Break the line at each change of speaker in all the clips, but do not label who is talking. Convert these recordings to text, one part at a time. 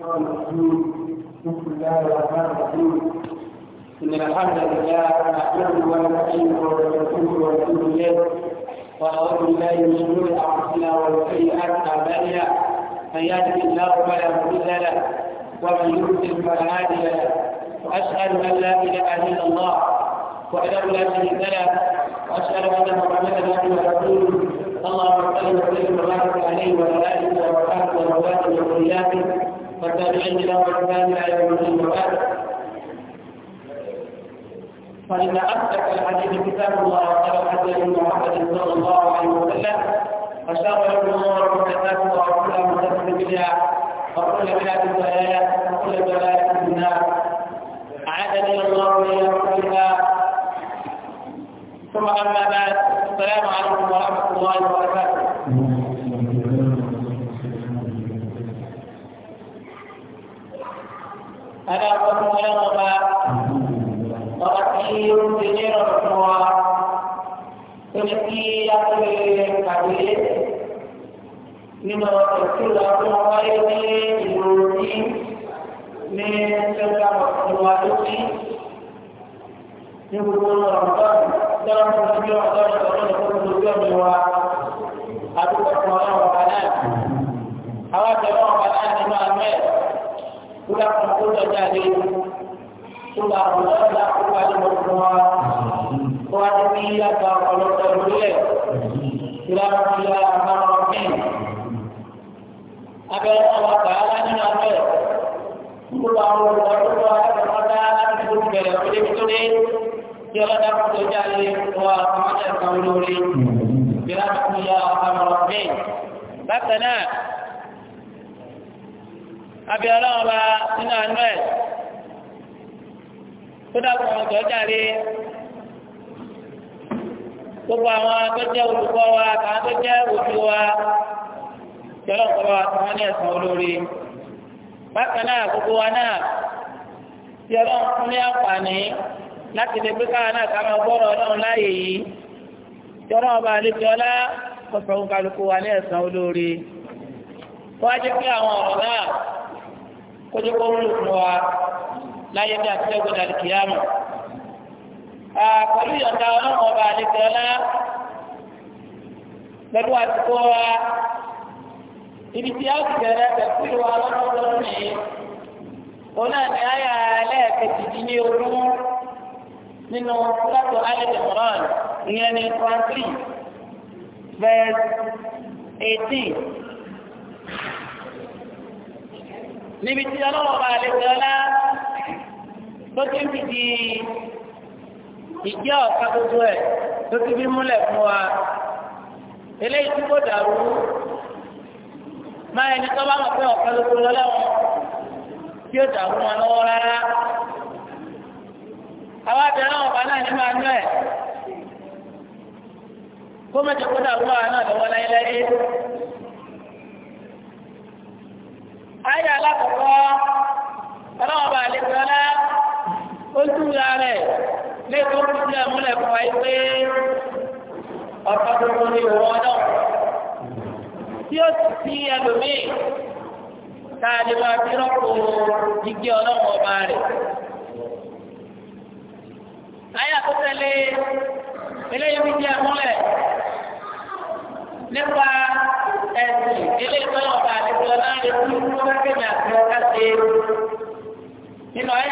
قال الرسول بسم الله الرحمن الرحيم إن الحمد لله نحمده ونستعينه ونستغفره ونتوب إليه ونعوذ بالله من شرور أنفسنا ومن أعمالنا من يهده الله فلا مضل له ومن يضلل فلا هادي له وأشهد أن لا إله إلا الله وحده لا شريك له وأشهد أن محمدا عبده ورسوله اللهم صل وسلم وبارك عليه وعلى آله وصحبه وأزواجه وذرياته والتابعين إلى مرتان إلى يوم المبعث فإن أصدق الحديث كتاب الله وخير حديث محمد صلى الله عليه وسلم وشر الأمور محدثاتها وكل محدثة بدعة وكل بدعة ضلالة وكل ضلالة في النار أعادني الله وإياكم بها ثم أما بعد السلام عليكم ورحمة الله وبركاته alákọ̀ọ́mọ ọlọ́mọba ọba tí ó ń tẹ̀lé ọ̀rọ̀ fún wa tó ní kí akọ̀lẹ̀ kàwé nínú ìṣúra fún wáyé ini ìlú ní ní Ini ọ̀sán wa lókè ní gbogbo ọ̀rọ̀ dára fún ojú ọ̀dọ́ ìṣòro ìṣòro ojú ọ̀dọ́ wa àdúgbò fún ọlọ́mọba náà àwọn àjọ ọlọ́mọba náà sudah mampu jadi sudah berada kuat di semua ya, kuat di atas kalau terbeli sudah dia akan rokin agar Allah taala menjaga sudah berada kuat kepada hidup kita hidup itu ini kita dapat jadi kuat sama dengan kami Bila kita akan rokin Bapak àbí ọlọ́run bá nínú àánú ẹ̀ tó dàpọ̀ gbogbo àwọn tó jẹ́ olùkọ́ wa àtàwọn tó jẹ́ òbí wa jọlọ́ nǹkan wa ní bákan náà gbogbo wa náà tí fún ní àǹfààní láti ọba àlejò ọlá kálukú wa ní wọ́n á jẹ́ kójú kó wúlò fún wa láyé bí àti ẹgbẹ́ dàdí kìámù. pẹ̀lú ìyọ̀ǹda ọlọ́run ọba àdìgbẹ́ ọlá pẹ̀lú àsìkò wa ibi tí a ti bẹ̀rẹ̀ pẹ̀lú ìwà ọlọ́run ní òun náà ní àyà lẹ́ẹ̀kejì dín ní ogún nínú fúlàtò alẹ́dẹ̀mọ́rán ìyẹn ní twenty three verse eighteen. níbi tí ọlọ́wọ́ bá lè jọlá tó ti fi di ìjẹ́ ọ̀ka gbogbo ẹ̀ tó ti fi múlẹ̀ fún wa eléyìí tí kò dàrú máa ẹni tó bá mọ̀ pé ọ̀ka gbogbo lọ́lọ́wọ́ tí ó dàrú wọn lọ́wọ́ rárá
àwọn àti ọlọ́wọ́ bá náà ní máa ń lẹ̀
kó mẹ́tẹ̀kọ́ dàrú wa náà lọ́wọ́ láyé láyé. ayé alákọ̀ọ́ ọlọ́wọ́ bá lè sọ́lá ó túra rẹ̀ lè tó kú sí àmúlẹ̀ fún wa pé ọ̀pọ̀ tuntun ni òun ọ̀dọ́ tí ó sì sí ẹlòmíì tá a lè máa fi rọ́pò igi ọlọ́wọ́ ọba rẹ̀. ayé àkọsẹ́lẹ̀ eléyìí fi jẹ́ àmúlẹ̀ nípa. nínú ayé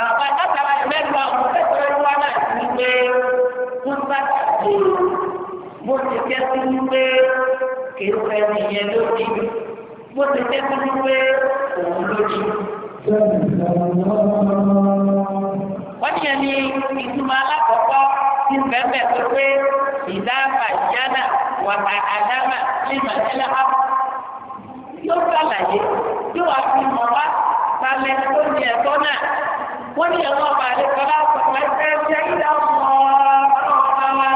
àwọn àtàrà mẹ́lú àwọn akẹ́kọ̀ọ́ wa náà ti pé tó bá tàbí bó ti jẹ́ sí wípé kìí fẹ́ nìyẹn lórí bó ti jẹ́ sí wípé òun lórí. wọ́n yẹn ní ìtumọ̀ alákọ̀ọ́kọ́ ti bẹ̀rẹ̀ tó pé ìdáàbà ìyáná wàtà àdámà ní màdílà ápù yóò ṣàlàyé yóò wá fi mọ̀ wá balẹ̀ tó ní ẹ̀kọ́ náà wọ́n ní ẹ̀rọ ọba àdékọ́lá ọ̀pọ̀ ẹgbẹ́ ẹgbẹ́ ìdá ọmọ ọba wa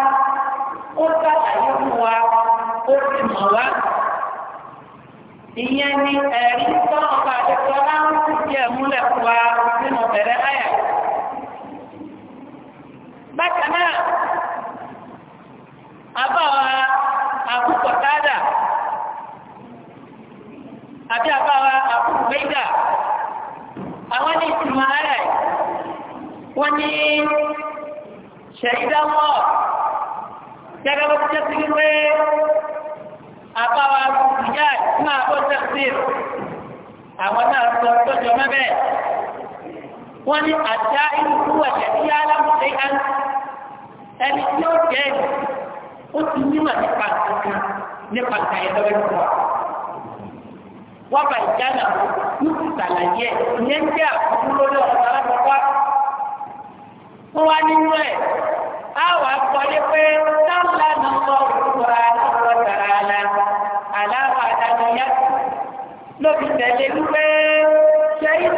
ó sàlàyé fún wa ó sì mọ̀ wá. ìyẹn ni ẹ̀rí tọ́lọ̀ ọba àdékọ́lá ń sì jẹ́ múlẹ̀ fún wa nínú bẹ̀rẹ̀ àyà. bákan náà àbá wa àkókò tádà àbí àbá wa àkókò méjà àwọn ní ìtumọ̀ rẹ̀ wọ́n ní ṣẹ̀yìdá wọ̀ gẹ́gẹ́ bó ti jẹ́ sí wípé àbáwa ìyá ìtumọ̀ àbọ̀ tẹ̀síl àwọn náà sọ tó jọ mẹ́bẹ̀
wọ́n ní àṣà ìlú kúwà ṣẹ̀yìdá
alámùsẹ̀ ẹni tí ó jẹ́
ó ti nímọ̀ nípa nǹkan
nípa nǹkan wọ́n bá ìjáná ní ti sàlàyé ìyẹn jẹ́ àkókò lórí ọ̀sán alákọ̀ọ́kọ́. wọ́n wá nínú ẹ̀ á wà kọ́lé pé sáńlá ní sọ òkúra lọ́wọ́ tàrà àlà aláwọ̀ àdàmọ́yá lóbi tẹ̀lé wípé ṣe é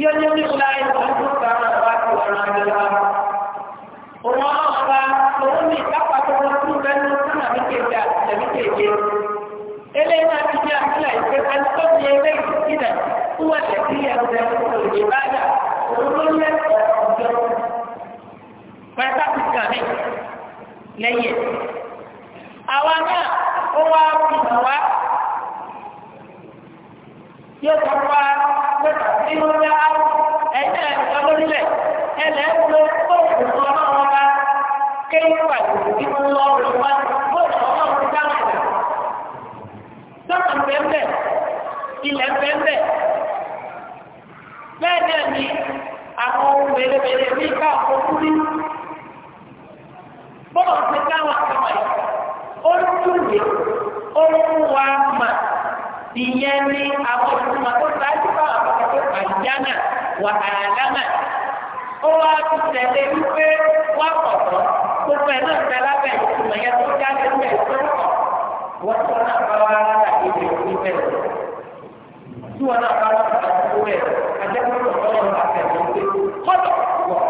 يجب لأولئك أن تذكر الأخوات والرجلات وما أخبر فهم يتقفوا رسولا سنة بكيجا لبكيجا إلينا بجاء أولئك أن تبني بيت كده هو الذي يمتلك العبادة ورمية الأرض فتحت كامل ليه أوانا هو في هو يتقفوا ìyẹn ní àwọn ìtumọ̀ tó sáájú bá àpapọ̀ tó àjánà wàhálàmà ó wá ti tẹ̀lé wípé wá kọ̀ọ̀kọ̀ tó fẹ́ náà fẹ́ lábẹ́ ìtumọ̀ yẹn tó jáde ń bẹ̀ tó kọ̀ wọ́n tó náà bá wá rárá ìdè òní bẹ̀rẹ̀ tí wọ́n náà bá wá rárá ìdè òní bẹ̀rẹ̀ àjẹkùnrin ọ̀rọ̀ àfẹ̀mọ́ pé kọ́dọ̀ wọ̀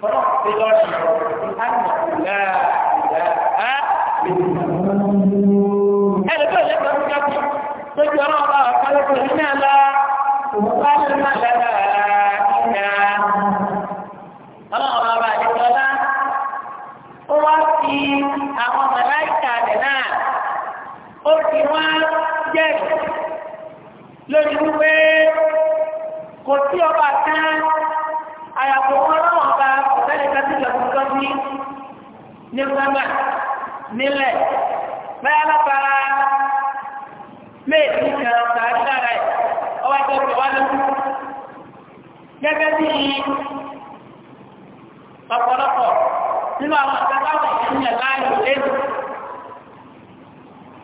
kọ́dọ̀ pé lọ́ọ̀ṣì àmọ̀ ìlà ìlà á lè wù جرى خلقهن لا وقال الملائكة ọlọ́run ọba àdìgbọ́lá ó wá fi àwọn màláìka rẹ̀ náà ó fi wá jẹ́rìí lórí wípé kò sí ọba kan àyàfò wọn lọ́wọ́ ọba ọ̀sẹ́lẹ̀ kan sílẹ̀ fún tọ́jú ní nílẹ̀ bẹ́ẹ̀ lọ́pàá méjì kan tàbí lára ẹ̀ ọwọ́ tó tọ̀ wá lókù. Gẹ́gẹ́ bí ọ̀pọ̀lọpọ̀ nínú àwọn àtàkàwọ̀ ìyẹn láàyò lẹ́nu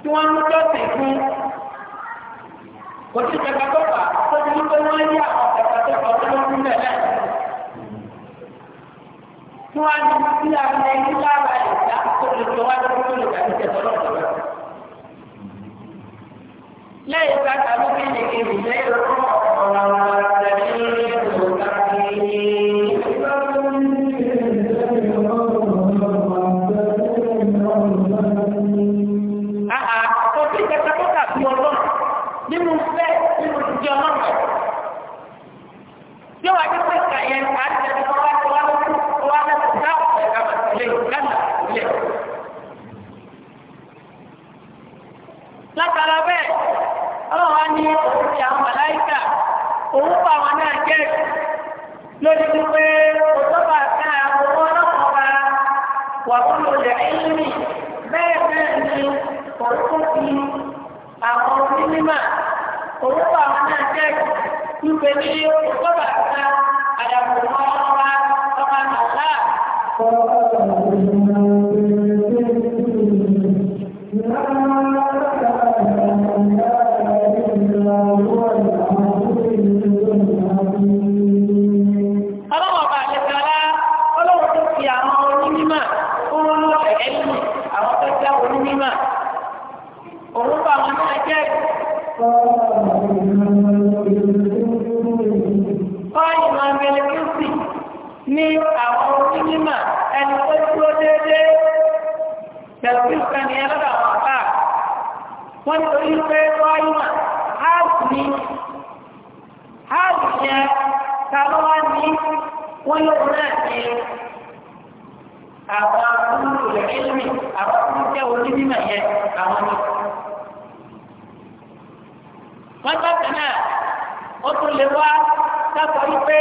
tí wọ́n ń jọ́sìn fún kò sí kẹta tó fà tó ti ní pé wọ́n yí àwọn kẹta tó fà tó lókù mẹ́lẹ̀. Tí wọ́n á ní sí àwọn ẹni lára ẹ̀dá tó lè tó wá lókù tó lè gbà ní لا يبعث بكل إذن غير الله òun bá wọn náà jẹ́ lórí wípé òtọ́bà kan àwọn ọlọ́kọ̀ọ́ba wà fún olè ẹ̀yìnì bẹ́ẹ̀ bẹ́ẹ̀ ni òun fi àwọn onímọ̀ òun bá wọn náà jẹ́ wípé ní òtọ́bà kan àdàbò ọlọ́kọ̀ọ́ba ọba nàlá. sí nǹkan nìyẹn lọ́dọ̀ àwọn àbá wọ́n ní torí pé wáyúmọ̀ áàbù ni áàbù yẹn ta ló wá ní wọ́n lóun náà ní àwọn akúrò lẹ́yìnmí àwọn akúrò jẹ́ onímọ̀ yẹn àwọn ní. wọ́n bákan náà ó tún lè wá dábọ̀ wípé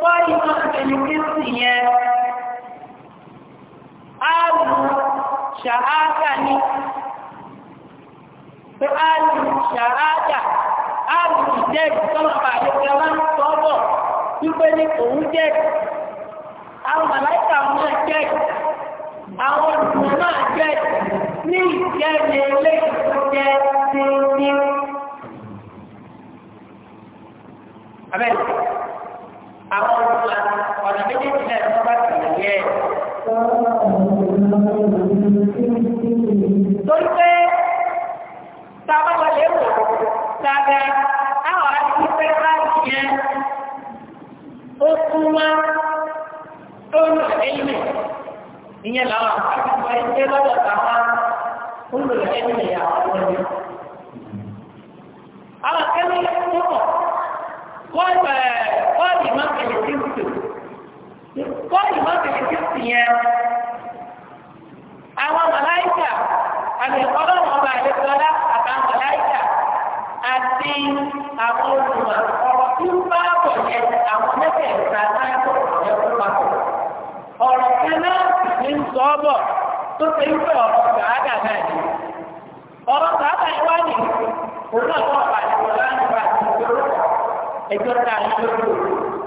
bọ́ọ̀lù ẹni kí sì yẹn á ṣàáta ni pé áàlù ṣàáta áàlù ìjẹ́rì tọ́lọ́pàá àdékẹ́ máa ń tọ́bọ̀ wípé ní òun jẹ́rì àwọn màláìkà náà jẹ́rì àwọn olùkọ́ náà jẹ́rì ní ìjẹ́rì eléyìí tó jẹ́ tíntín. Abẹ́rẹ́ àwọn olùkọ́ ọ̀nà méjèèjì náà ló bá Torí pé ta bá wà lérò dáadáa, àwọn àti pẹ́ báyìí yẹn, ó kún wá tó ń ẹ̀yìn ìyẹn làwọn àgbà ìgbé lọ́dọ̀ tàwọn olùrẹ̀ ẹ̀yìn àwọn ọ̀rẹ́. Àwọn akẹ́lẹ́ tó wọ́n bẹ̀rẹ̀ kọ́ ìmọ̀ tẹ̀lé tí ó sì yẹn àwọn màláìkà àti ọlọ́run ọba àdékọ́lá àtàwọn màláìkà àti àwọn olùmọ̀ ọ̀rọ̀ tí ń bá bọ̀ yẹn àwọn mẹ́tẹ̀ẹ̀ta náà tó ọ̀rẹ́ fún ọ̀rọ̀ kan náà sì ń sọ ọ́ bọ̀ tó ṣe ń pẹ̀ ọ̀rọ̀ sàádà náà ni. ọ̀rọ̀ sàádà yẹn wá ní òun náà tó ọ̀pá nípa àti ìgbòho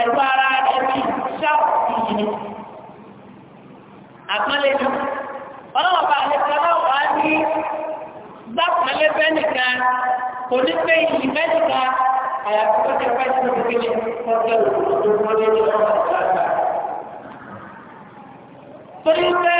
pẹ̀lú ara ẹbí ṣáàpù yìí àpọ́nlé ni
ọlọ́wọ́ bá lè sọ náà wá ní
gbàpọ́nlé bẹ́nìkan kò ní pé ìlú bẹ́nìkan àyàfi tó ti pẹ́ sí ìdílé kọ́jọ́ òkú tó wọlé ní ọmọ ìgbàgbà. torí pé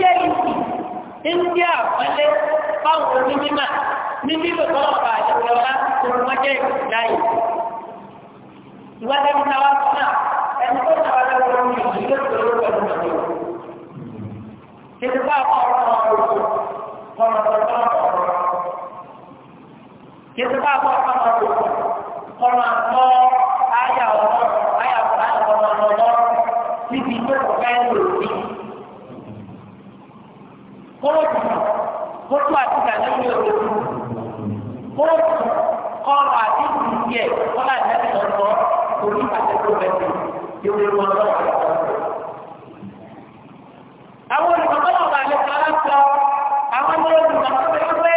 jẹ́ ìsìn ń jẹ́ àpẹẹlẹ fáwọn onímọ̀ ní bíbẹ̀ tọ́lọ̀pàá àjọyọ̀lá tó wọ́n jẹ́ ìdáyì. Ìwádẹ́ mi náwá fún náà, ẹni tó náwá lọ́wọ́ lórí ìdílé ìṣòro pẹ̀lú ọ̀dọ́. Ṣètò bá ọ̀rọ̀ ọ̀rọ̀ ọ̀rọ̀ ọ̀rọ̀ ọ̀rọ̀ Ṣètò bá ọ̀rọ̀ ọ̀rọ̀ ọ̀rọ̀ ọ̀rọ̀ ayà ọ̀rọ̀ ayà ọ̀rọ̀ ọ̀rọ̀ ọ̀rọ̀ níbi tó kọ̀ kóró tó kótó àtìkà lẹ́yìn òde kóró tó kọ́ọ̀rọ̀ àti ìdíyẹ kọ́lá ìlẹ́yìn ọ̀dọ́ orí àtẹ̀kọ́ bẹ́ẹ̀ ni ìwé wọn lọ́wọ́ àwọn olùkọ́kọ́ wà lè kọ́ lọ́sọ àwọn ọmọ olùkọ́kọ́ bẹ́ẹ̀ pé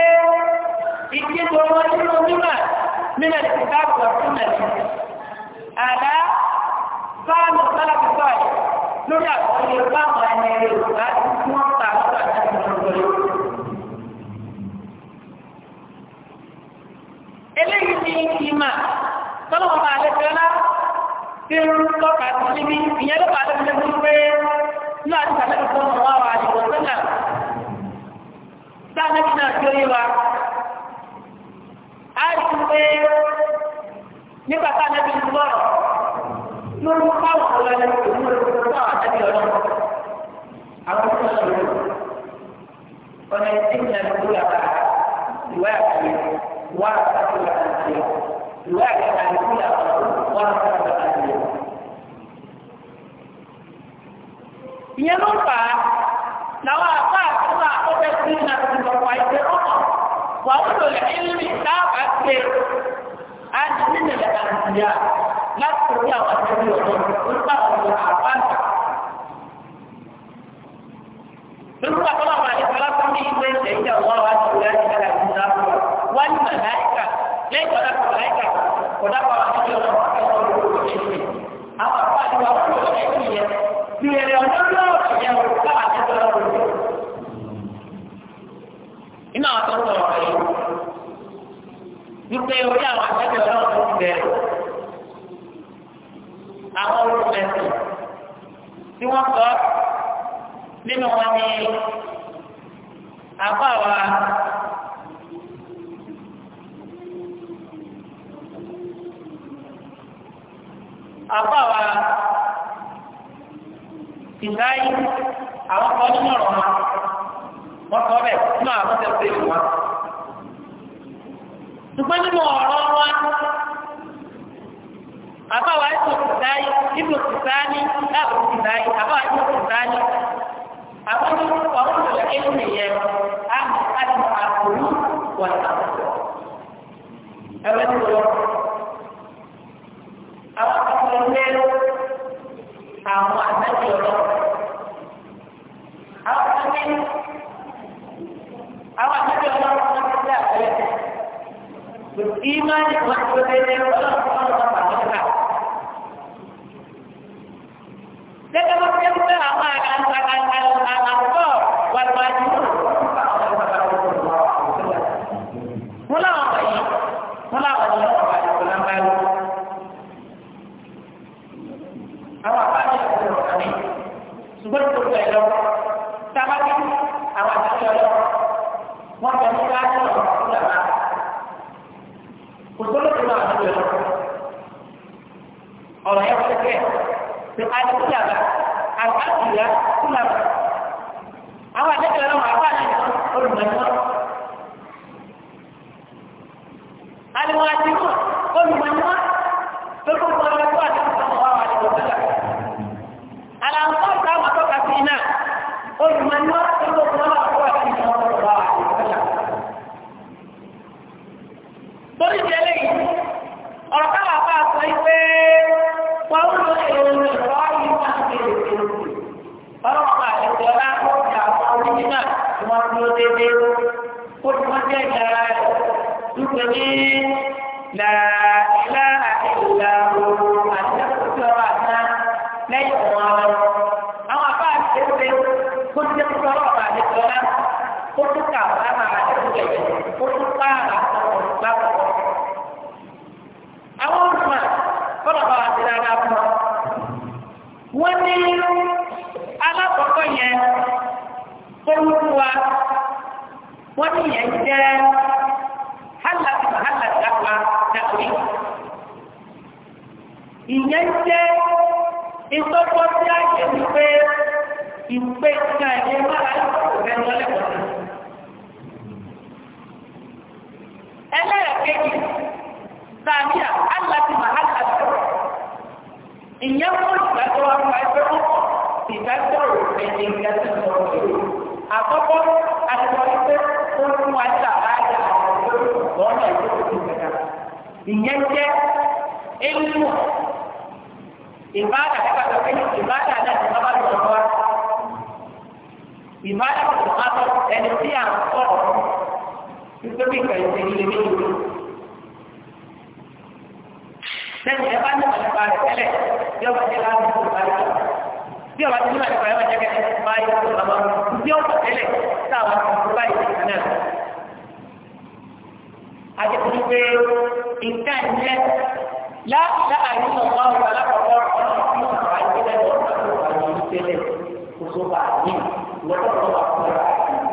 ìdíje wọn nínú mímà mímà lè fi káàkó ọ̀tún mẹ́lẹ̀ àdá fáànù sálàkùsọ̀ lórí àkọọ́lẹ̀ fáàmù ẹni Yorùbá ìmà tọ́lọ́wọ́ bá àlẹ́fẹ́ lá tí ó ń tọ́ka sí níbi ìyẹn ló bá àlẹ́fẹ́ lé fún pé ní àti sàlẹ́fẹ́ fún ọmọ wa wà àdìgbò sọ́nà sáà nẹ́bí náà tí ó yé wa a rí i pé nígbà tá nẹ́bí ń gbọ́rọ̀ lórí káwọn ọ̀rọ̀ ẹni tó ń lò fún àwọn àtẹ́bí ọ̀rọ̀ àwọn tó ń lò ọ̀nà ìdí ìyẹn ورثة الأنبياء ذلك أن كل ورثة الأنبياء ìyẹn ló fà á
làwọn àbá àtúnwà ọbẹ̀ sí iná ti lọ́pọ̀ àìsè ọmọ
wà ó lò lẹ́yìnlẹ́mì láàbà ṣe àdìsí nílẹ̀ nàìjíríà láti rí àwọn àtẹ̀lé ọ̀dọ́ nípa àwọn àbáǹtà. Nígbà tó lọ́wọ́ àdìsí lásán ní ilé ìṣẹ̀yìn àwọn àwọn àti ìlú ẹ̀ṣẹ̀ àti ìdáàbò wá ní màláìkà lẹ́yìn tó dákọ̀ màláìkà kò dákọ̀ àwọn ẹgbẹ́ ọ̀rọ̀ ẹ̀rọ olówó ẹ̀sìn àwọn àpá àdúrà olówó ẹ̀sìn yẹn bìrẹ̀ ọjọ́ náà ìyẹn o káwá ti tọ́lá olówó. iná àwọn tó ń sọ̀rọ̀ rẹ̀ wípé orí àwọn àgbẹ̀bẹ̀ ọlọ́run tó ti bẹ̀rẹ̀ àwọn olówó ẹ̀sìn tí wọ́n sọ nínú wọn ni àbáwa ìgbáyé àwọn kan nínú ọ̀rọ̀ wọn wọ́n sọ bẹ́ẹ̀ nínú àwọn tó ṣe ìwà. ṣùgbọ́n nínú ọ̀rọ̀ wọn àbáwá ìṣòro ìdáyé ìbò ìdáyé láàbò ìdáyé àbáwá ìṣòro ìdáyé àwọn ọ̀rọ̀ ìṣòro ìdáyé yẹn á ti àkórí wà láàbò. ẹ̀rọ ti lọ àwọn akọ̀ọ̀lẹ́ àwọn àdájọ́ Beriman maksudnya Allah Subhanahu wa taala. Dan kalau kita amalkan sangat hal-hal apa? Wal wajib. nígbà tí wọ́n dúró déédéé kó tí wọ́n jẹ́ ìlara rẹ̀ dúpẹ́ ní làálá ìlà òru àti àkókò ọba àná lẹ́yìn ọ̀wọ́n ara wọn. Àwọn àbá àti ẹgbẹ́ kó tí wọ́n tọ́ ọ̀rọ̀ àti ìtọ́lá kó tó kà á máa àti ìgbẹ̀yẹ̀ kó tó pa àrà ọ̀rọ̀ gbà pọ̀. Àwọn olùmọ̀ kọ́nà bá wa ti Wọ́n ní alákọ̀ọ́kọ́ yẹn fún wa wọ́n ní yẹn jẹ́ hálàtì hálàtì àpá dàpẹ́. ìyẹn jẹ́ ìtọ́jọ́ tí a ṣe wípé ìpè ká ẹ̀yẹ máa ń bẹ̀rẹ̀ lọ́lẹ̀ pọ̀lú. ẹlẹ́ẹ̀kejì
sàmíà hálàtì mà hálàtì
ìyẹn fún ìgbàgbọ́ àwọn ẹgbẹ́ mọ́kàn ìgbàgbọ́ òfin ìgbàgbọ́ òfin àkọ́kọ́ àtìkọ ìpè ó ń wá sí àbáyé àwọn ọ̀dọ́ náà ìpè tó ti gbẹ̀dá. ìyẹn jẹ́ ewu ìbáàdà nípa tó pé ìbáàdà náà ti bá lọ wá.
ìbáàdà kò tó bá tọ́ ẹni tí à ń sọ̀rọ̀
nítorí ìkàyọ̀ ìṣèlú ilé méjì lẹ́yìn ẹ bá ní ọ̀dọ́ rẹ̀ tẹ́lẹ̀ yọ̀ọ́ bá jẹ́ láti bí ọba tí mo láti pàyọ́ ọjà kẹ́kẹ́ máa yọ ọ̀rọ̀ àwọn tí ó tọ̀ tẹ́lẹ̀ táwọn ọ̀rọ̀ báyìí ti náà. Àjẹkùn pé nǹkan ìjẹ́ láàbùdá àìní ọ̀gá ọ̀gá alákọ̀ọ́kọ́ ọ̀nà ọ̀gá àìní lẹ́nu ọ̀gá ọ̀gá àìní tẹ́lẹ̀ kó tó bá yìí lọ́dọ̀ tó wà fún ọ̀gá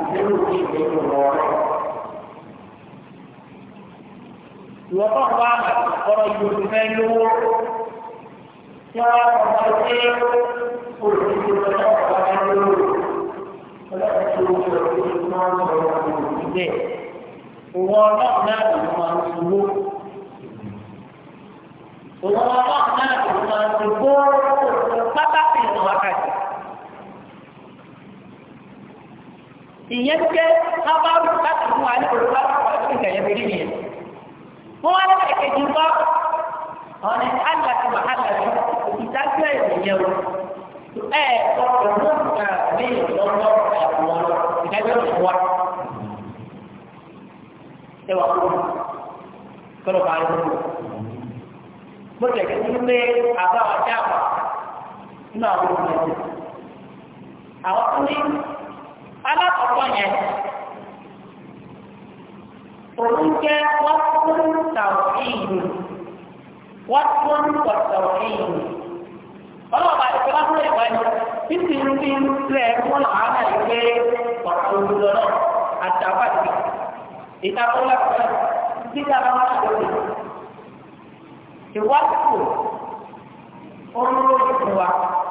ìdérò ní ìdérò lọ́rẹ́ tí wọ́n wá lọ́wọ́ ìkejì ń bọ́
ọ̀nà àgbàtì màhàlà ìdájọ́ ìrìnyẹ wọn ẹ ọ̀rọ̀ náà ní ìlọ́lọ́ àwọn ìdájọ́ ìwà
ẹ wà kúrò kọ́lọ̀ bá yọ̀ mo tẹ̀lé ní pé àbá wa dá wa nínú àwọn ọmọ ẹ̀sìn àwọn tó ní alákọ̀ọ́kọ́ yẹn òun jẹ́ wọ́n fún tàwọn èèyàn wọ́n fún tàwọn èèyàn ọlọ́ọ̀bà ìpè bá fúnlẹ̀ ìwà ẹ̀yọ́ títí ń fi ń lẹ̀ fún àánà ìpè ọ̀rọ̀ òdodo náà àtàwọn àti ìtakùn lẹ́kọ̀ọ́ títí àwọn àgbẹ̀wò ìwádìí olórí fún wa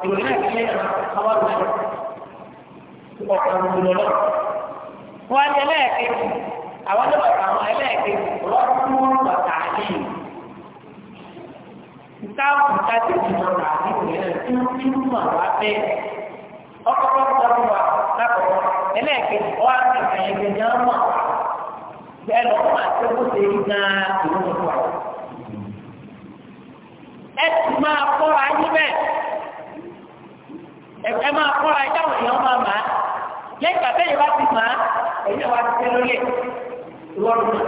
ìròyìn náà kílẹ̀ àwọn àgbẹ̀wò ọ̀rọ̀ wọ́n á ní àwọn ọlọ́ọ̀bà àwọn ẹlẹ́ẹ̀kejì ọlọ́ọ̀bà táwọn ìdájọ́ ìjọba tàbí ìrìnà tí ó ti ń mọ̀ wá bẹ́ẹ̀. ọkọ̀ọ̀kọ̀ sọ́dún wa lákọ̀ọ́ ẹlẹ́ẹ̀kejì ọ́ àgbẹ̀kẹ̀ ẹgbẹ̀ ní ọmọ bẹ́ẹ̀ lọ fún àtẹ́kùsẹ̀ gan-an ìlú nìkú wa. ẹ ti máa kọ́ra yín bẹ́ẹ̀ ẹ máa kọ́ra yín táwọn èèyàn máa máa lẹ́yìn bàbá yìí bá ti máa ẹ̀yìn wa ti tẹ́ lórí ẹ̀ ìwọ́n lọ́wọ́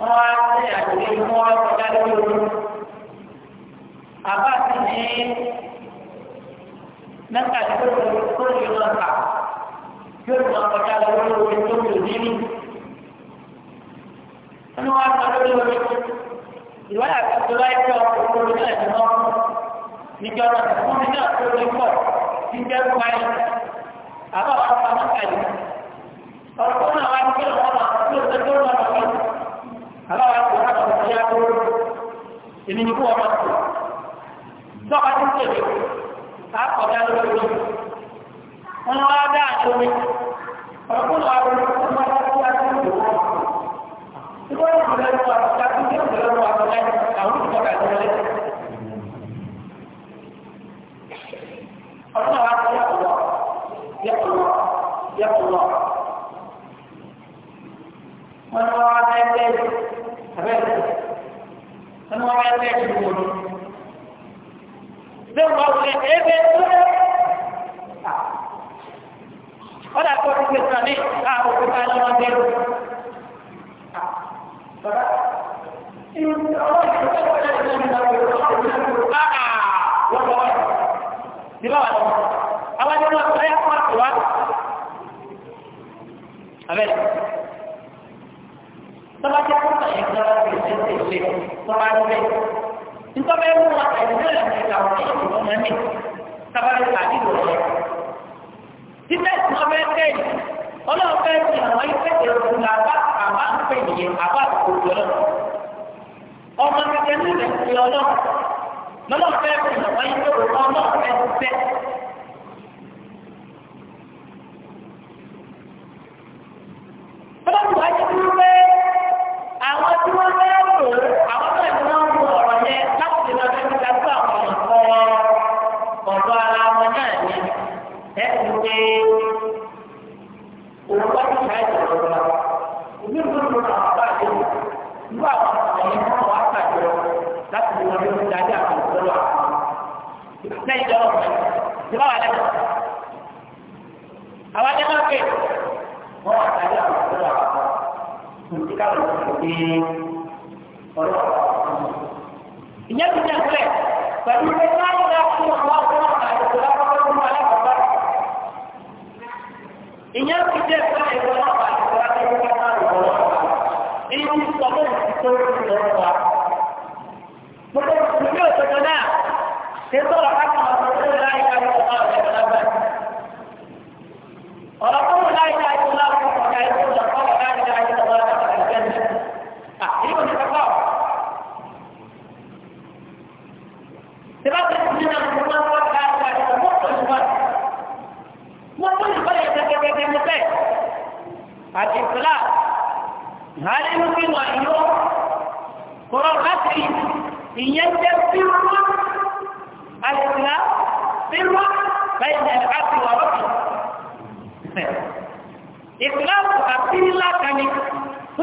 wọ́n á ṣe àgbègbè tí wọ́n kọjá lórí oru. Àbá ti ní mẹ́ta tó tó lè lọ kà yóò lọ kọjá lórí oru tó lè nínú. Wọ́n wá sọ lórí oru. Ìwádà tó tó láyé tó ọkọ̀ orí náà ti mọ́. Níjọ́ pa mọ́ta Ọ̀pọ̀ náà wá ní kí ọ̀pọ̀ náà tó lè tó lọ́wọ́ aláwọ̀ àpò láti ọ̀sẹ̀ yá tó lórí èmi ní kó ọmọ tó dọ́gba tó tẹ̀lé àkọ́dá lórí omi wọn wá dá àjọ mi ọ̀pọ̀ náà wọn kó má dá sí àti ìlú wọn. Ìgbọ́ ìgbọ́ lẹ́nu wa ọ̀sẹ̀ àti ìgbọ́ lẹ́nu wa ọ̀sẹ̀ àwọn ìgbọ́ kà wá ẹnu wọn wá lé ẹ̀kú wọn. Bẹ́ẹ̀ wọ́n wọlé ebe tó lé. Wọ́n dà kó o ti gbèsè àmì àwọn òkúta ní wọn dé. Bàbá ọlọ́run ti gbé wọlé ẹ̀kú wọn lọ sí ọ̀rọ̀ ìlú àà wọ́n lọ wọ́n. Ìbá wà lọ. Àwọn ẹni wọn ẹ̀yà kọ́ àtọ̀wá. Abẹ́rẹ́ tọ́ba jẹ́ kọ́kọ́ yẹn kí wọ́n ti ṣe ṣe ṣe tọ́ba ń bẹ̀. nítorí ẹ̀rọ wa ẹ̀rọ ẹ̀rọ ẹ̀ka wọn ẹ̀rọ ìwọ̀n máa ní tọ́ba lè fà nílò rẹ̀. títẹ̀ tí wọ́n fẹ́ kẹ́ yìí ọlọ́run fẹ́ ti àwọn ife èròkù là bá àbá ń pè nìyẹn àbá òkòtò ọlọ́run.
ọmọ fẹ́ ti fẹ́ ọlọ́run
wáyé dúró fẹ́ àwọn tí wọ́n wọ́n wà bá àwọn ọ̀yẹ́ àwọn ọ̀pọ̀ nǹkan òkè ọ̀rọ̀ ìyẹn ti jẹ́ pẹ́ pẹ̀lú pé báyìí náà fún àwọn ọ̀rọ̀ àìsàn lápapọ̀ fún alákọ̀ọ́bá ìyẹn ti jẹ́ pẹ́ ìwọ̀n náà àìsàn lápapọ̀ fún alákọ̀ọ́bá èyí ti sọ fún ìsìnkú ìlọ́wọ́ wa àti ìfìlà hàlẹ́ inú kí wọ́n ìlú kọ́rọ̀ láti ìyẹn jẹ́ fírúwá àìsìlá fírúwá bẹ́ẹ̀ ní àti wà lọ́kì ìfìlà àti ìlà tó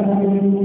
ìgbàlódé.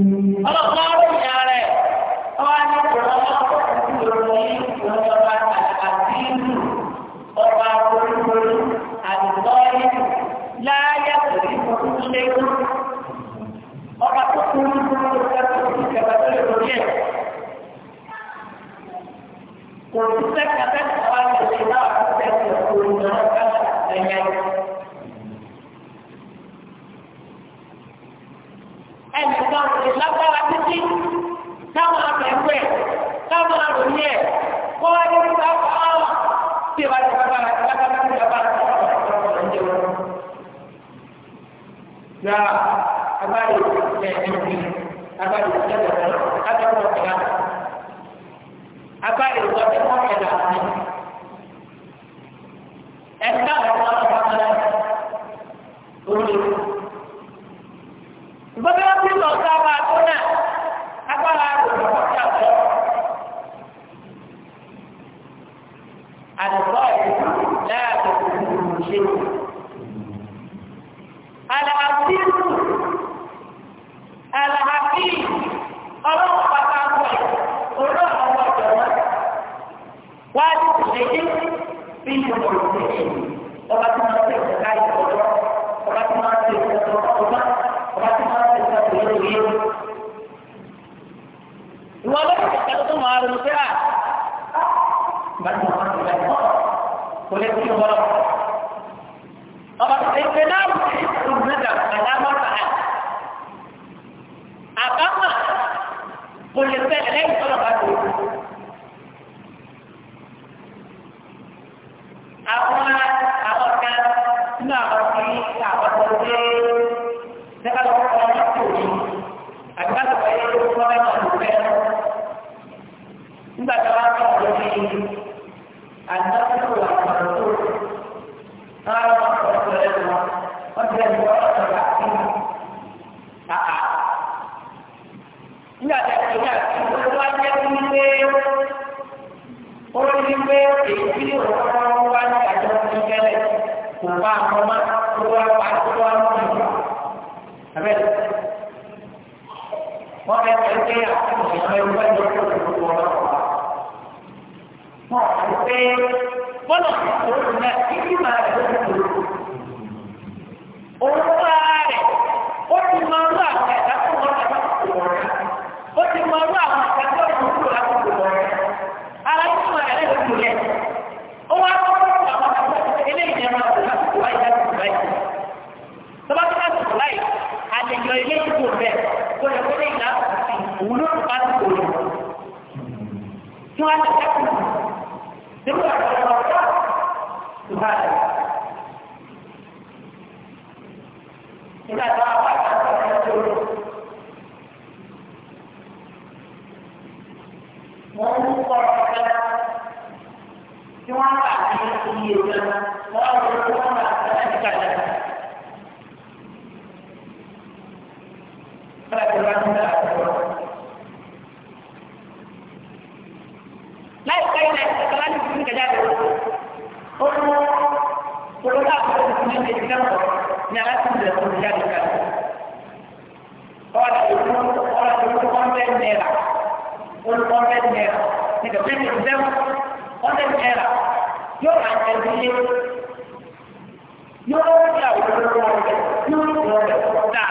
yóò sọ rẹ̀ kọ́dà.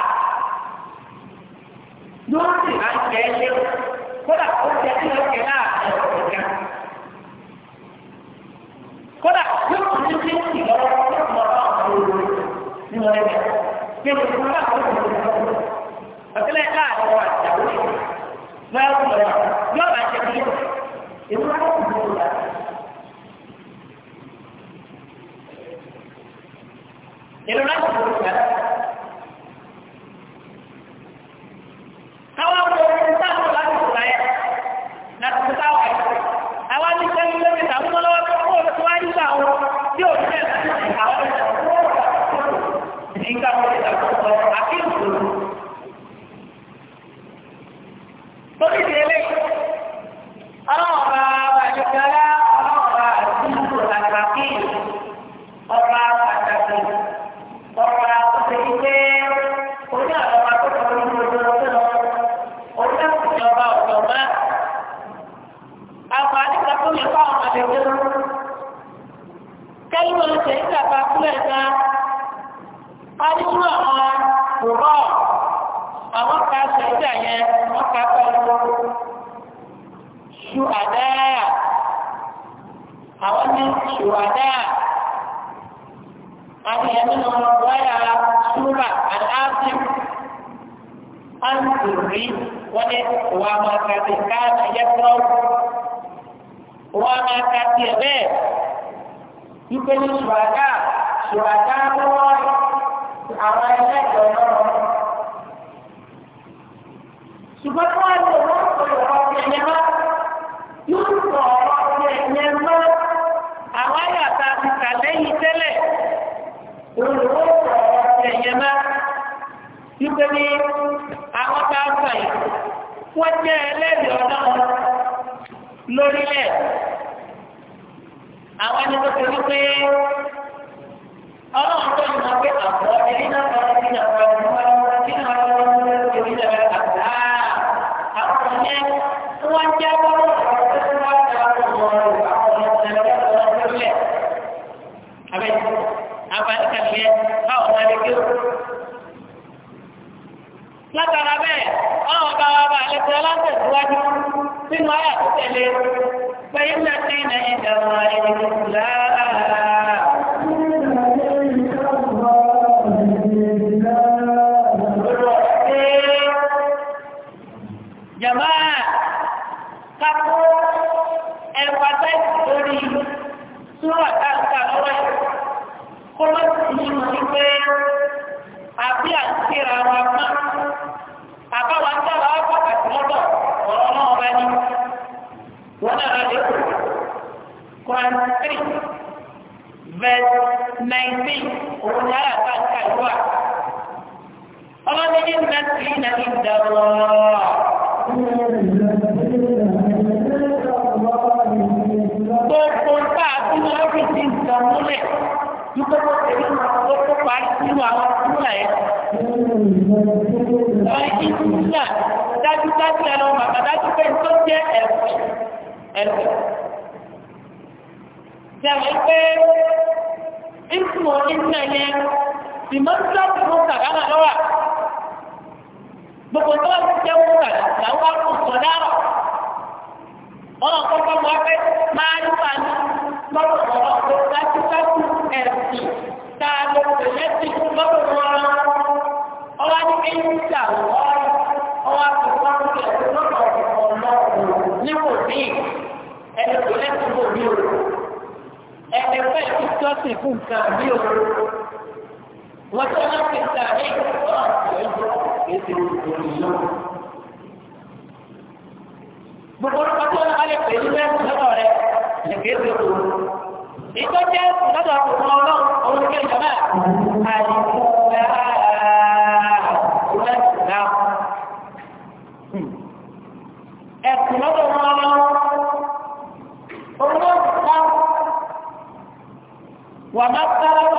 Yóò sì máa ń jẹ ẹyẹ kódà ó jẹ kí wọ́n jẹ náà ẹ̀ ọ̀rọ̀ kan. Kódà yóò Era olùwọ́ ọ̀rọ̀ ẹ̀yẹ má wípé ní àwọn bá fà yìí wọ́n jẹ́ ẹlẹ́rìí ọlọ́run lórílẹ̀ àwọn ẹni tó ti wípé ọlọ́run tó yìnbọn pé àbọ̀ ẹni náà kọ́ ẹni náà kọ́ ẹni náà látara bẹ́ẹ̀ ọlọ́run bá wa bá àlejò aláṣẹ̀síwájú nínú ayà tó tẹ̀lé pé ilẹ̀ tí ilẹ̀ ìdàgbà ìrìnlẹ̀ verse nineteen òun ni ara bá ń ka ìwà. ọlọ́dún ní nàìjíríà náà ń dàrọ̀. gbogbo nǹkan àbúrò ọ́fíìsì nǹkan múlẹ̀ nígbàgbọ́ tẹ̀lé ìwọ̀n tó parí nínú àwọn ìwà ẹ̀. ọ̀rẹ́ ìdúrà dájúdájú ẹ̀rọ màmá dájú pé tó jẹ́ ẹ̀fẹ̀ ẹ̀fẹ̀ jẹ́wọ́ pé ìtumọ̀ ìtumọ̀ yẹn ìmọ̀tò ti mú kàkàrà lọ́wọ́ gbogbo tó ti jẹ́ mú kàkàrà làwọn kò sọ dárọ̀ ọ̀nà kọ́kọ́ mọ́ pé máa ń fà ní lọ́dọ̀ ọ̀rọ̀ pé dájúdájú ẹ̀sìn tá a lè pè lẹ́sìn lọ́dọ̀ wọn ọwọ́ ní ẹ̀yìn ìjà wọ́n ọwọ́ àti wọ́n ń bẹ̀rẹ̀ lọ́dọ̀ ọ̀rọ̀ náà kò sì fún nǹkan bí òun wọ́n tó wá ta ẹ̀ ọ́ ẹ̀jọ́ èsì òun náà. gbogbo orúkọ tó ń balẹ̀ pẹ̀lú ẹ̀sùn lọ́dọ̀ rẹ̀ lẹ́gbẹ̀ẹ́ sí òun. ìtọ́jú ẹ̀sùn lọ́dọ̀ ọ̀pọ̀ ọlọ́run òun kẹ́ ìjọba àdìsí ẹ̀sùn lọ́dọ̀ wàmátàlá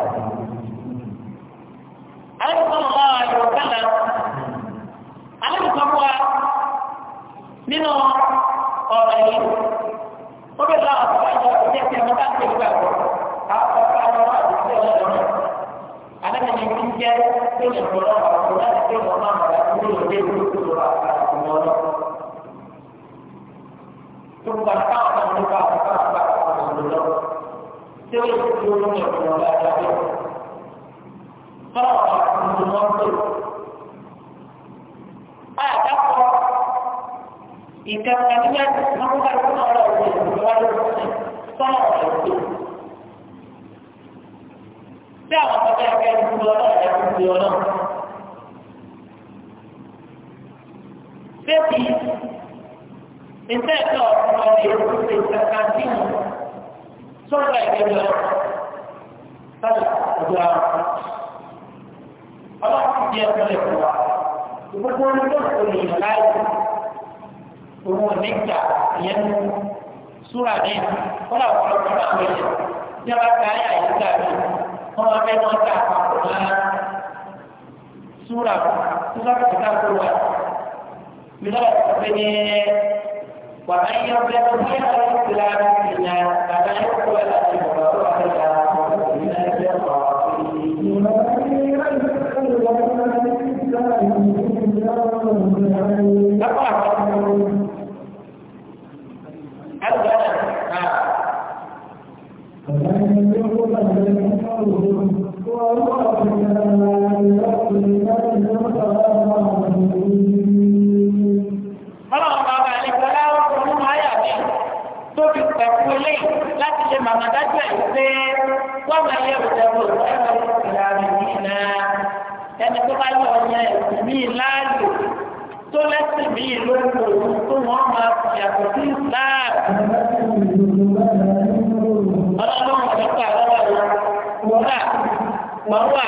pé ìṣòro náà bàbá kò láti pé ìwọ náà bàbá kò ní òde ìlú tó lọ àgbà ọmọ ọlọ. tó gba táwọn náà ló bá àgbà àgbà ọmọ ọlọ lọ. tí ó yẹ kí ó ní ọ̀pọ̀ ọ̀la ìdájọ́. báwo la kò ní wọ́n tó? àdàpọ̀ ìkànnì ẹgbẹ́ náà wọ́n bá tó náà lọ sí ìwádìí sọ́ọ̀ ọ̀dọ́ bí àwọn ọ̀gá ẹgbẹ́ ẹni lọ náà ẹ̀kú ti ọ náà. Bébì ìṣe ẹ̀tọ́ ọ̀sán ọ̀dẹ ìlú ṣe ìṣẹ̀ká sí mu sọ́dọ̀ ẹ̀gbẹ́ lọ sọ́dọ̀ ọ̀dọ̀ àwọn. Ọlọ́run ti di ẹ̀kọ́ lẹ̀ wa. Gbogbo orí ló kò lè láì òun ò ní gbà ìyẹn mú súrà ní ìlú. Kọ́lá ọ̀pọ̀lọpọ̀ náà wọlé. Ìjọba ká ayà yìí gbà mí. kọ́mọ fẹ́ wọ́n ta àpapọ̀ máa súra súra kọ̀ọ̀ká kó wa mílọ̀ ọ̀pẹ ní wàhálà yẹn bẹ́ẹ̀ tó bí ẹ̀rọ ìtura ìlà bàbá yẹn kó wa láti bọ̀ ọ́ wà lọ́wọ́ àwọn ìlà ẹgbẹ́ ọ̀ Apa? Apa? Ah. mi láàyò tó lẹ́sìn mi lóko tó wọ́n máa fi àkọsí ìlà Marwa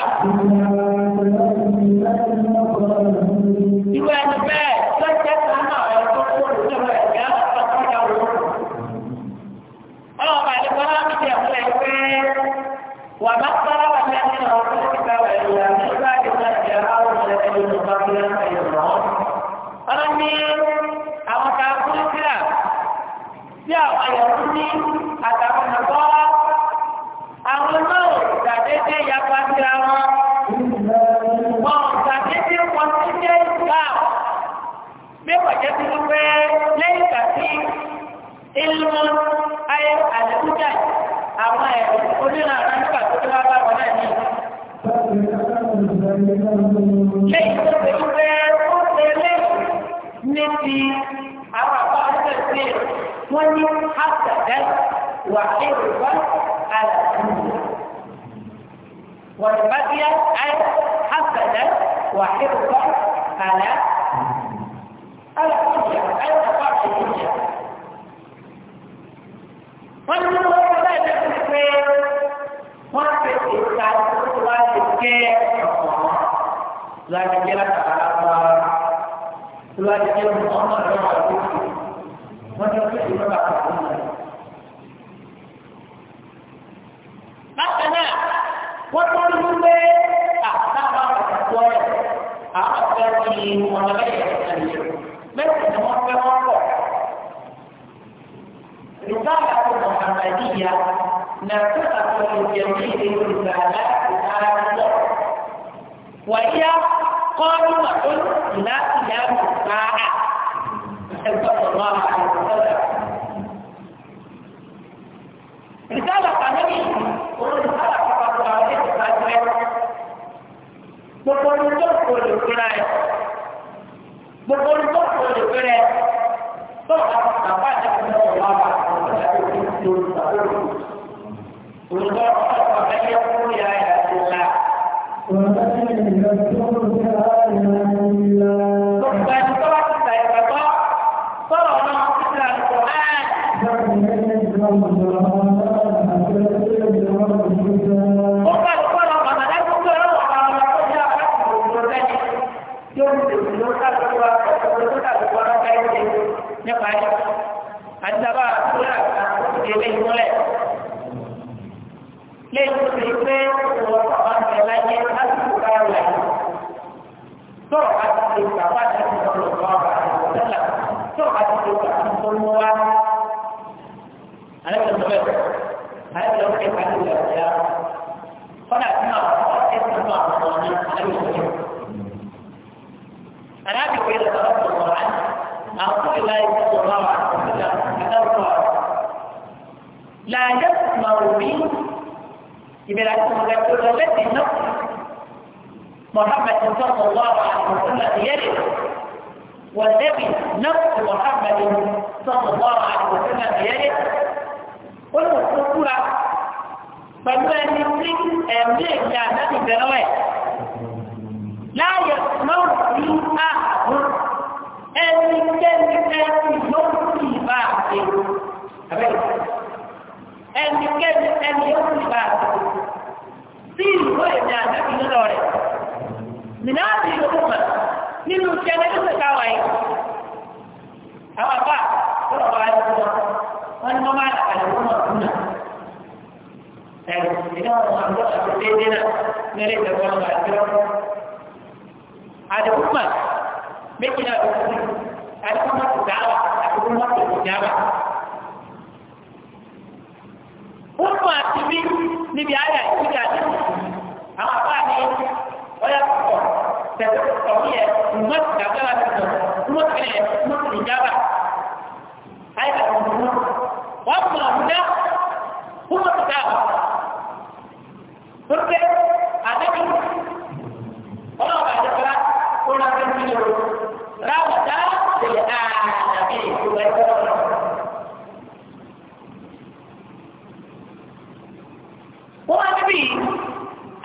والبقي أي حسدا وحرصا على على الدنيا أي تقاط الدنيا ومن هو بعد الخير وفي الإنسان واجب كير لا تجرى على الله لا تجرى محمد wàyíyá kọ́ nígbà tó ìlà ìyá ìgbà á ẹgbẹ́ ọ̀rọ̀ àwọn ọ̀rọ̀ ìdáàlà pàdánù òun ìdáàlà pàpàpọ̀ àwọn ẹ̀jẹ̀ bá jẹ́ gbogbo ní tó kò lè fúnra ẹ̀ gbogbo ní tó kò lè fúnra ẹ̀ tó àwọn لا يسمع منه يبقى التي نقل محمد صلى الله عليه وسلم يرد والنبي نفس محمد صلى الله عليه وسلم يرد والمسؤول فلو أن يمسك لا يسمع في أحد أن يمسك أن يمسك بعده ẹnikẹ́ni ẹni yóò fi bá a sí ìwé ìjà àjẹ́bí lọ́dọ̀ rẹ̀.
Mìíràn àti ìlú mọ̀
nínú iṣẹ́ lẹ́gbẹ̀ẹ́ káwa yìí. Àwọn àbá tó lọ́wọ́ ayé wọn, wọ́n ní wọ́n máa ń àlè wọn náà kùnà. Ẹ̀rù ìdáhùn àwọn àgbọ̀ àti déédéé náà mẹ́rẹ̀ ìjọba ọmọ àti ọkọ̀. Àdìgún mọ̀ méjìlá òkú àdìgún mọ̀ kò dáhà àdìgún mọ̀ kò dáhà. ó mú àti bí níbi ayé àìsíkà ní àwọn àbá mi ọyà púpọ̀ tẹ̀sí púpọ̀ ní ẹ̀ ǹgbọ́n ti dàgbára ti sọ ǹgbọ́n ti rẹ̀ ǹgbọ́n ti jábà ayé àti ǹgbọ́n wọ́n mú àbúdá ǹgbọ́n ti dáàbò tó àdébí ọlọ́ọ̀bà àdébọ́lá ó rà bẹ́ẹ̀ nílò ráwọ̀ dá lè àdàbí ìlú ẹgbẹ́ ọlọ́ọ̀bà. wọ́n wá síbí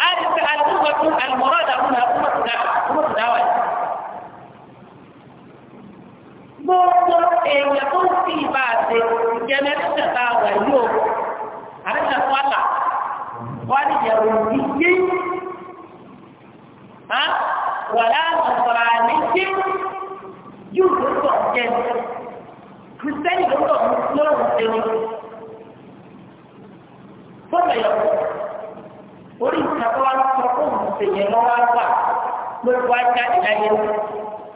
àìsí àìsíwọ̀tú àìmọ̀rọ̀dà múnà kúmọ̀tìdáwà gbogbo èèyàn tó ń fi ìbá àti ìjẹmẹ́ tó tẹ̀ta wà yóò àríṣà fọ́lá wọ́n ní ìyàwó ìdíje wà láàrín bọ́ọ̀lù ẹ̀yọ̀ orí ìtàkùn wa sọ fún ìṣèyẹ lọ́wọ́ àgbà gbogbo ajá ìdáyẹ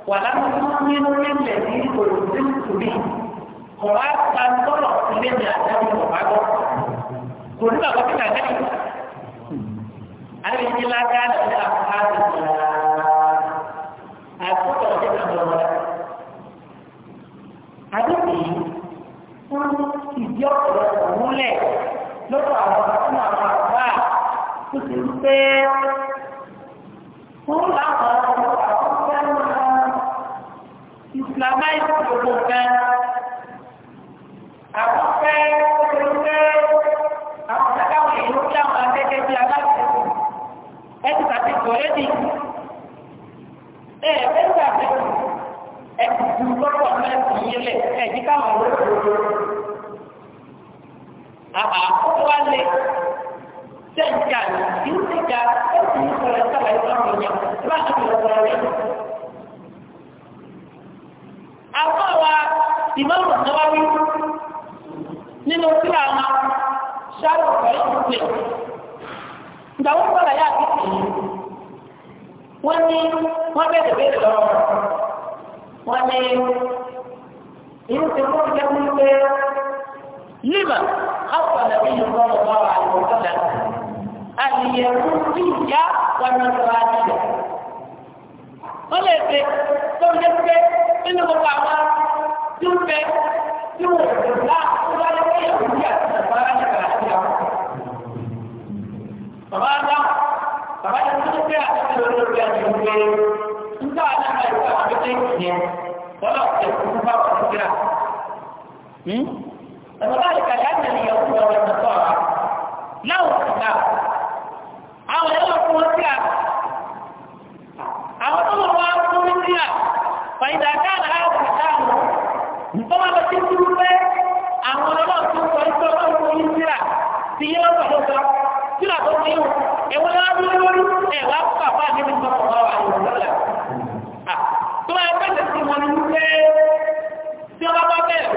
wà lámúlú nínú nílẹ̀ ní òrùlé ìtòlí kò wá ta tọ́lọ̀ sílé ní àdáyé bàbá gbọ́ kò ní bàbá kí nàá ale ti la ka ale ti la ka ale ti la a fún ìdí ọ̀pọ̀lọpọ̀ múlẹ̀ lọ́dọ̀ àwọn pé fún àwọn àwọn fẹ́ràn islamic gbogbo kan àwọn fẹ́ pé àwọn sábàwọn èèyàn kí àwọn akẹ́kẹ́ bí aláṣẹ
ẹ̀sìn àti ìgbọ̀lẹ́dì
ẹ̀ ẹ̀sìn àti ẹ̀sìn lọ́pọ̀ mẹ́sìn
Jadikan Yusika Itu mereka baik
orangnya Lalu mereka Apa wa Imam Nawawi Nino Tirama Syarul Baik Muslim ini Wani Wabe de Bedo Wani Ini semua yang mungkin Lima Apa Nabi Muhammad àlìyẹ̀rúbíyà wọnàdọ̀wàdìyà. ó lè ṣe tó ń lépe nínú gbogbo àwọn tí ó fẹ́ tí wọ́n lè lá tó bá lè fẹ́ ìyàwó yà bàbá àjàkà àti àwọn. bàbá àjọ bàbá àjọ tó ń fẹ́ àti olórí àti olórí nígbà wà lára ìwé àwọn tó ń fẹ́ yẹn wọ́n lọ sí ẹ̀kú fún báwọn tó kíra. bàbá àjàkà yà á tẹ̀lé ìyàwó lọ́wọ́ ìtọ́jú àwọn láwùjọ náà àwọn ẹ̀rọ fún wọn sí à àwọn tó lọ wá fún wọn sí à fàyídà káàdà
áàbù káàmù
tó wà lọ sí dúró pé àwọn ọlọ́run tó sọ ìtọ́ ọlọ́run fún wọn sí à ti yé lọ́sọ̀ lọ́sọ̀ tí làbọ̀ fi hù ẹ̀wọ́n lọ́wọ́ dúró lórí ẹ̀wà fún àbá àgbẹ̀ mi sọ̀rọ̀ wà wà lọ́wọ́ lọ́la tó wà pẹ̀lẹ́ sí wọn ní wípé tí wọ́n bá bẹ̀rẹ̀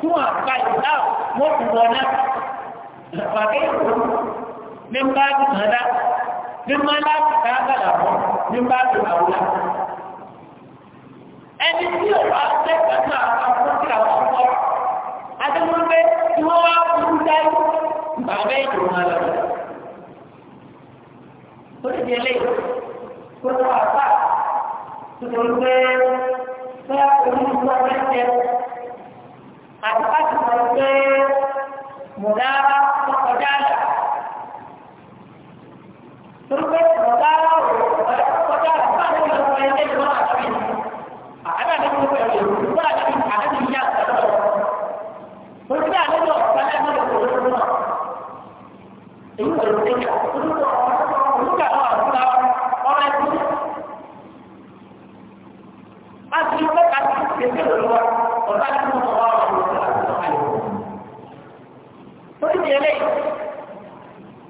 fún wọn àgbà ìdáhùn mọ́kùnrin wọn náà nípa ìmọ̀dá nípa láti káàkàlà fún nípa ìwàwúlá.
ẹni tí ò bá tẹ́kọ̀ọ́ náà àwọn tí àwọn ọkọ
adéwọ́gbé tí wọ́n wá fún dáyé bàbá ìdùnnú máa lọ. ó lè jẹ́ léyìn kó tó wà fà tuntun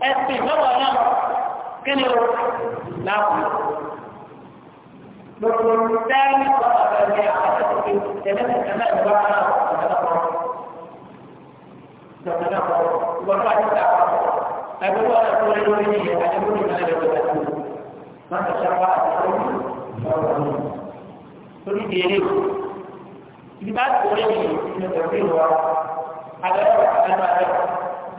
ẹ̀sìn lọ́wọ́ náà kíni o láàbù gbogbo dáàbì kọ́ àbẹ̀rẹ̀ àkàtàkì tẹ̀lẹ́tẹ̀ kanáà ìwà ara ọ̀kadàkọ̀ ọ̀kadàkọ̀ ìwọ́pá níta àgbẹ̀wò àtàkùn rẹ̀ lórí ní àdébò ní ìlànà ìwà ìdàkùn máa ń sọ̀rọ̀ àtàkùn ọ̀rọ̀ lórí ìdíyẹlé ìdíbà tó rẹ̀ ní ìdíyẹlé wa àgbẹ̀wò àtàkùn